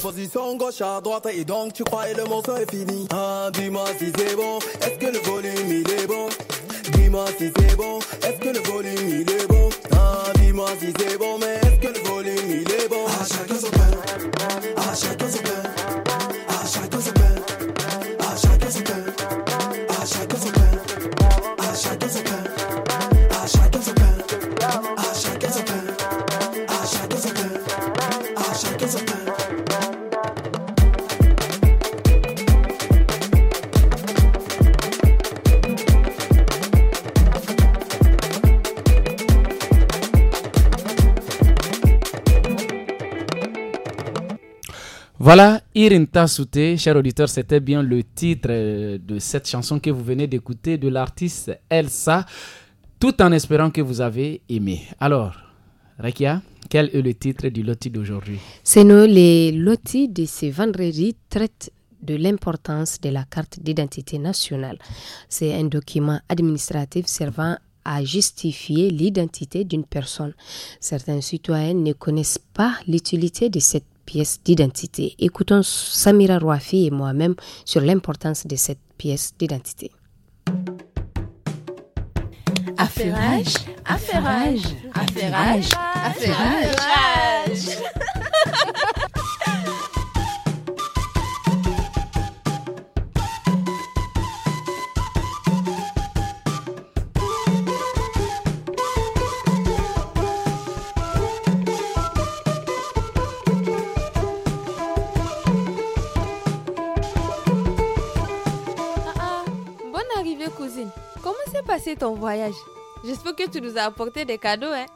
positions gauche à droite et donc tu croyais le morceau est fini. Ah, dis-moi si c'est bon, est-ce que le volume il est bon Dis-moi si c'est bon, est-ce que le volume il est bon Ah, dis-moi si c'est bon, mais est-ce que le volume il est bon À ah, chacun son pain, à ah, chacun son Voilà, Irinta Souté, cher auditeur, c'était bien le titre euh, de cette chanson que vous venez d'écouter de l'artiste Elsa, tout en espérant que vous avez aimé. Alors, Rekia, quel est le titre du loti d'aujourd'hui C'est nous, les lotis de ce vendredi traitent de l'importance de la carte d'identité nationale. C'est un document administratif servant à justifier l'identité d'une personne. Certains citoyens ne connaissent pas l'utilité de cette pièce d'identité. Écoutons Samira Rouafi et moi-même sur l'importance de cette pièce d'identité. Affairage, affairage, affairage, affairage. ton voyage J'espère que tu nous as apporté des cadeaux, hein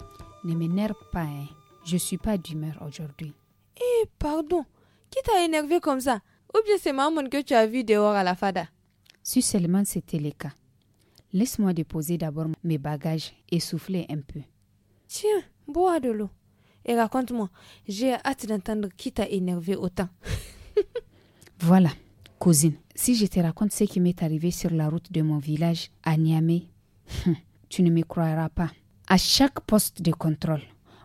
Ne m'énerve pas, hein. Je suis pas d'humeur aujourd'hui. Eh, pardon. Qui t'a énervé comme ça Ou bien c'est Maman que tu as vu dehors à la fada Si seulement c'était le cas. Laisse-moi déposer d'abord mes bagages et souffler un peu. Tiens, bois de l'eau. Et raconte-moi, j'ai hâte d'entendre qui t'a énervé autant. voilà, cousine. Si je te raconte ce qui m'est arrivé sur la route de mon village à Niamey tu ne me croiras pas. À chaque poste de contrôle,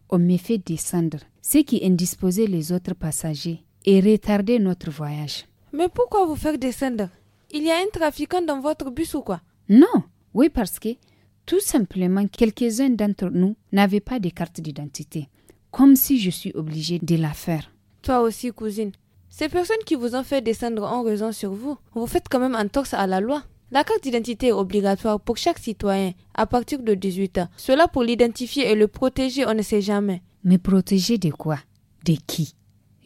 on me fait descendre, ce qui indisposait les autres passagers et retardait notre voyage. Mais pourquoi vous faire descendre Il y a un trafiquant dans votre bus ou quoi Non, oui parce que tout simplement quelques-uns d'entre nous n'avaient pas de carte d'identité, comme si je suis obligée de la faire. Toi aussi, cousine. Ces personnes qui vous ont fait descendre en raison sur vous, vous faites quand même un torse à la loi. La carte d'identité est obligatoire pour chaque citoyen à partir de 18 ans. Cela pour l'identifier et le protéger, on ne sait jamais. Mais protéger de quoi De qui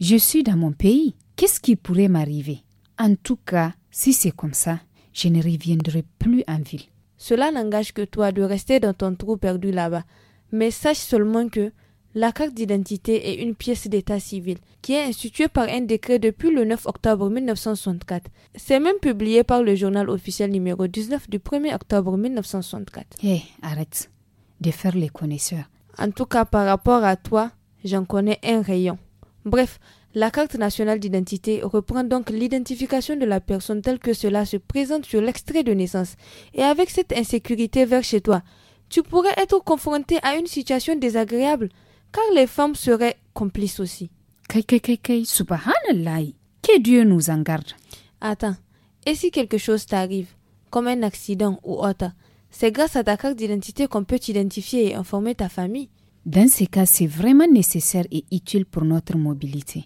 Je suis dans mon pays. Qu'est-ce qui pourrait m'arriver En tout cas, si c'est comme ça, je ne reviendrai plus en ville. Cela n'engage que toi de rester dans ton trou perdu là-bas. Mais sache seulement que la carte d'identité est une pièce d'état civil qui est instituée par un décret depuis le 9 octobre 1964. C'est même publié par le journal officiel numéro 19 du 1er octobre 1964. Hé, arrête de faire les connaisseurs. En tout cas, par rapport à toi, j'en connais un rayon. Bref, la carte nationale d'identité reprend donc l'identification de la personne telle que cela se présente sur l'extrait de naissance. Et avec cette insécurité vers chez toi, tu pourrais être confronté à une situation désagréable car les femmes seraient complices aussi. subhanallah, que Dieu nous en garde. Attends, et si quelque chose t'arrive, comme un accident ou autre, c'est grâce à ta carte d'identité qu'on peut t'identifier et informer ta famille. Dans ces cas, c'est vraiment nécessaire et utile pour notre mobilité.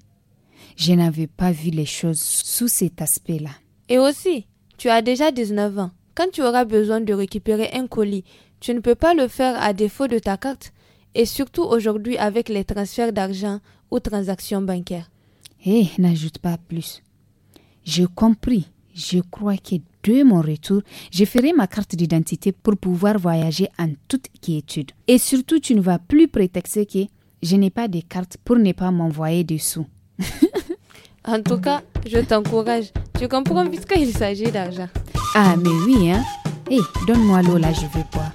Je n'avais pas vu les choses sous cet aspect-là. Et aussi, tu as déjà 19 ans. Quand tu auras besoin de récupérer un colis, tu ne peux pas le faire à défaut de ta carte et surtout aujourd'hui avec les transferts d'argent ou transactions bancaires. Eh, n'ajoute pas plus. J'ai compris. Je crois que de mon retour, je ferai ma carte d'identité pour pouvoir voyager en toute quiétude. Et surtout, tu ne vas plus prétexter que je n'ai pas de carte pour ne pas m'envoyer des sous. en tout cas, je t'encourage. Tu comprends puisqu'il s'agit d'argent. Ah, mais oui, hein. Hé, eh, donne-moi l'eau là, je veux boire.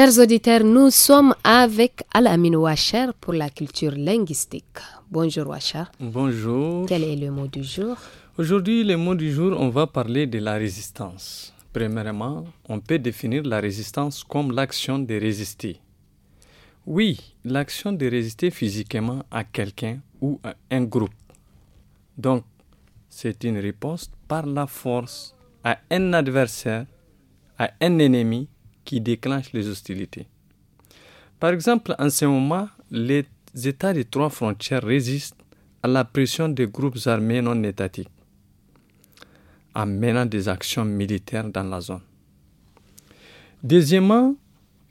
Chers auditeurs, nous sommes avec al Ouachar pour la culture linguistique. Bonjour Ouachar. Bonjour. Quel est le mot du jour Aujourd'hui, le mot du jour, on va parler de la résistance. Premièrement, on peut définir la résistance comme l'action de résister. Oui, l'action de résister physiquement à quelqu'un ou à un groupe. Donc, c'est une réponse par la force à un adversaire, à un ennemi qui déclenchent les hostilités. Par exemple, en ce moment, les États des trois frontières résistent à la pression des groupes armés non étatiques en des actions militaires dans la zone. Deuxièmement,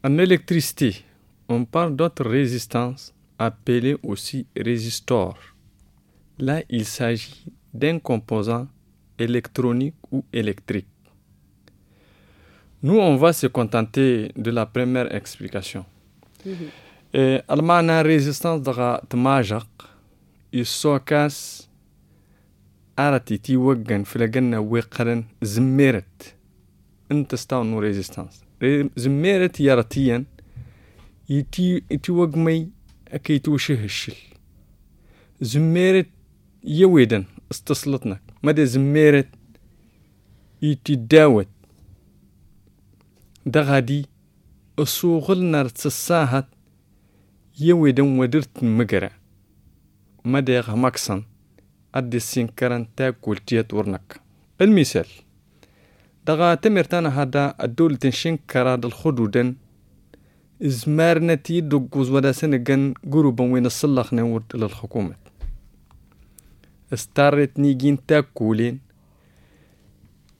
en électricité, on parle d'autres résistances appelées aussi résistors. Là, il s'agit d'un composant électronique ou électrique nous, on va se contenter de la première explication. Mhm. Allemagne a résistance de la Tmajak, il s'occupe de l'Aratiti Wagen, il s'occupe de la résistance. Zmeret yaratien, il s'occupe de la résistance. Zmeret yaweden, il s'occupe de Zmeret yaweden, دغادي أصوغل نرتس الساهت يويدن ودرت مقرأ مديغ مكسن أدي السنكرن تاك جيت ورنك المثال دغا تمرتانا هذا الدولة شنكرا دالخدودن زمارنا تيدو جوز ودا سنقن قروبا وين الصلاخ نورد للحكومة استارت نيجين تاكولين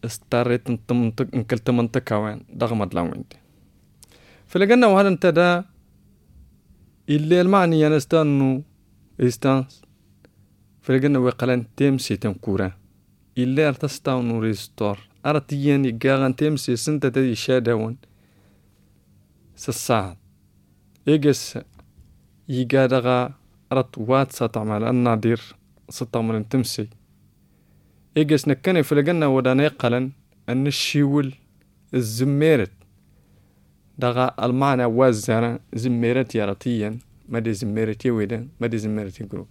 اضطريت انتم نكلت منطقة وين دغمد لوينتي فلقنا وهل انت دا اللي المعني انا استنو استانس فلقنا وقلن تمسي تنكورا اللي ارتستاونو ريستور ارتيان يقاغن تمسي سنتا تدي شادون سساعد إيجس يقادغا رت واتسا تعمل النادير ستة من تمسي إيجس نكني في الجنة وداني قلن أن الشيول الزميرت دغا المعنى وازانا زميرت يارتيا مدي زميرتي ويدا دي زميرتي جروب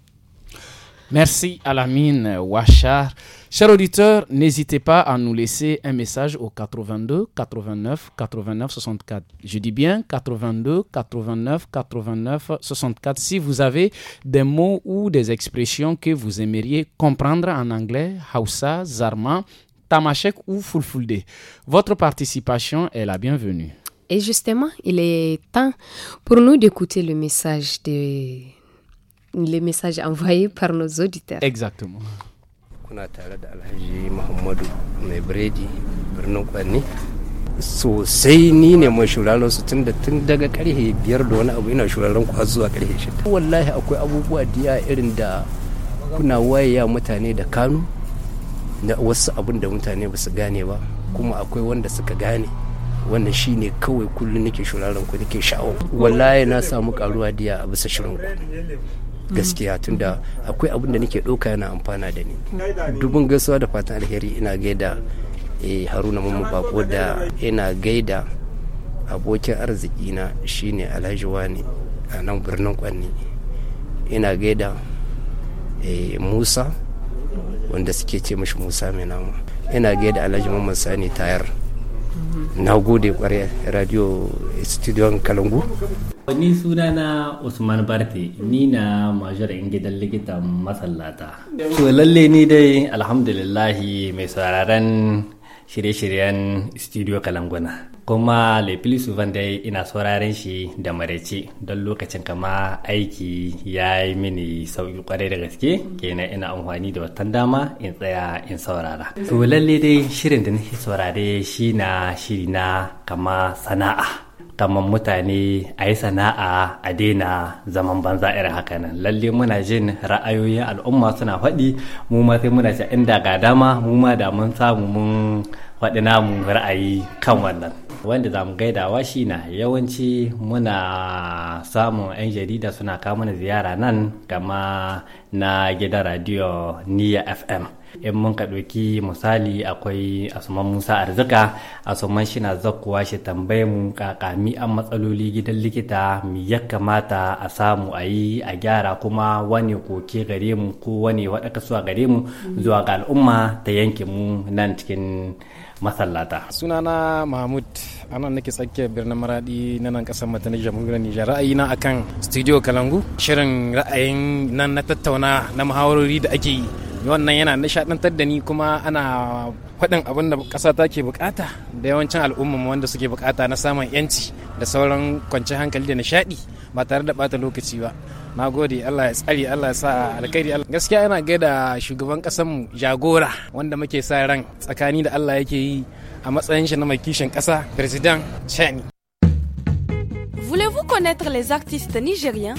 Merci Alamine Ouachar. Chers auditeurs, n'hésitez pas à nous laisser un message au 82 89 89 64. Je dis bien 82 89 89 64. Si vous avez des mots ou des expressions que vous aimeriez comprendre en anglais, Hausa, Zarma, Tamashek ou Fulfulde, votre participation est la bienvenue. Et justement, il est temps pour nous d'écouter le message de les messages envoyés par nos auditeurs. Exactement. kuna tare da alhaji muhammadu mai biredi birnin kwanni sosai ni ne mai shuraren su tun da tun daga karfe biyar da wani abu ina shuraren ku har zuwa karfe shida wallahi akwai abubuwa diya irin da kuna wayaya mutane da kanu na wasu abin da mutane ba su gane ba kuma akwai wanda suka gane wannan shi ne kawai kullum nake shuraren ku nake sha'awa wallahi na samu karuwa diya a bisa shirin ku gaskiya mm. tunda akwai abin da nake ɗauka yana amfana da ni dubin gaisuwa da fatan alheri ina gaida eh, haruna mamman bako da ina gaida abokin arzikina shine alhaji wani a nan birnin kwanni ina gaida eh, musa wanda suke ce mashi musa mai nama ina gaida alhaji mamman sani tayar mm-hmm. na gode kwarai radio studio kalangu Ni sunana Usman Barte, ni na majar in gidan likitan masallata. To lalle ni dai alhamdulillahi mai sauraren shirye-shiryen studio Kalanguna. Kuma Lefili Suvan dai ina sauraron shi da maraice don lokacin kama aiki ya yi mini sauƙi kwarai da gaske kenan ina amfani da watan dama in tsaya in saurara. To lalle dai shirin da nake saurare shi na shiri na kama sana'a. tamman mutane a yi sana'a a daina zaman banza irin haka nan lalle muna jin ra'ayoyin al'umma suna faɗi mu ma sai muna cewa inda ga dama mu ma da mun samu mun faɗi namu ra'ayi kan wannan wanda za mu wa shi na yawanci muna samun 'yan jarida suna kawo mana ziyara nan kama na gidan radiyo niya fm in mun ka ɗauki misali akwai asuman musa arzika asuman shi na zakkuwa shi tambaye mu kakami an matsaloli gidan likita mi ya kamata a samu a yi a gyara kuma wani koke gare mu ko wani waɗa kasuwa gare mu zuwa ga al'umma ta yanke mu nan cikin masallata. Sunana Mahmud anan nake tsakiyar birnin Maradi na nan kasar mata na jamhuriyar Nijar na akan studio Kalangu shirin ra'ayin nan na tattauna na muhawarori da ake yi wannan yana nishadantar da ni kuma ana faɗin abin da ƙasa ke bukata da yawancin al'umma wanda suke bukata na samun yanci da sauran kwanci hankali da nishadi ba tare da bata lokaci ba na gode allah ya tsari allah ya sa alkhairi gaskiya yana gaida shugaban mu jagora wanda muke sa ran tsakani da allah yake yi a matsayin shi na mai kishin ƙasa president chani Voulez-vous connaître les artistes nigériens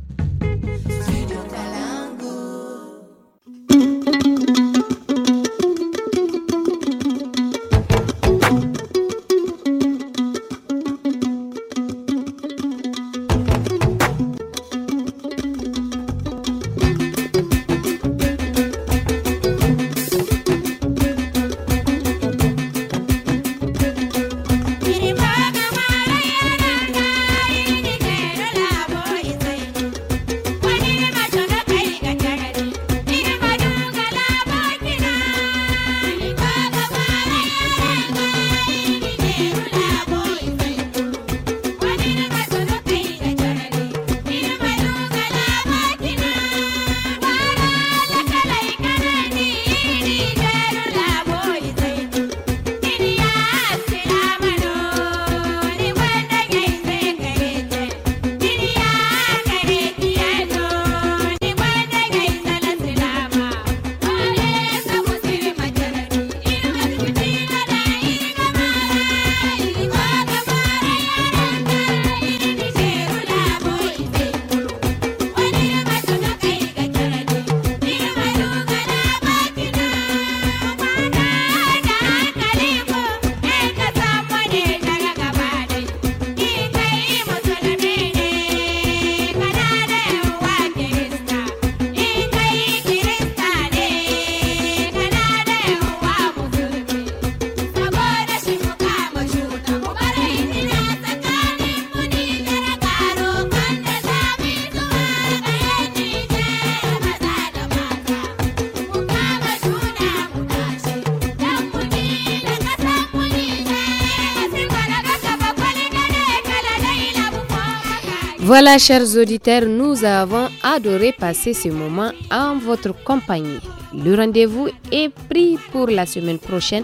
chers auditeurs, nous avons adoré passer ce moment en votre compagnie. Le rendez-vous est pris pour la semaine prochaine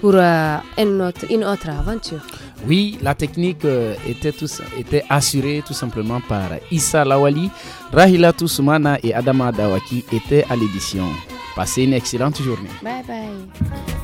pour euh, une, autre, autre, aventure. Oui, la technique euh, était, tout, était assurée tout simplement par Issa Lawali, Rahila Toussoumana et Adama Dawaki étaient à l'édition. Passez une excellente journée. Bye bye.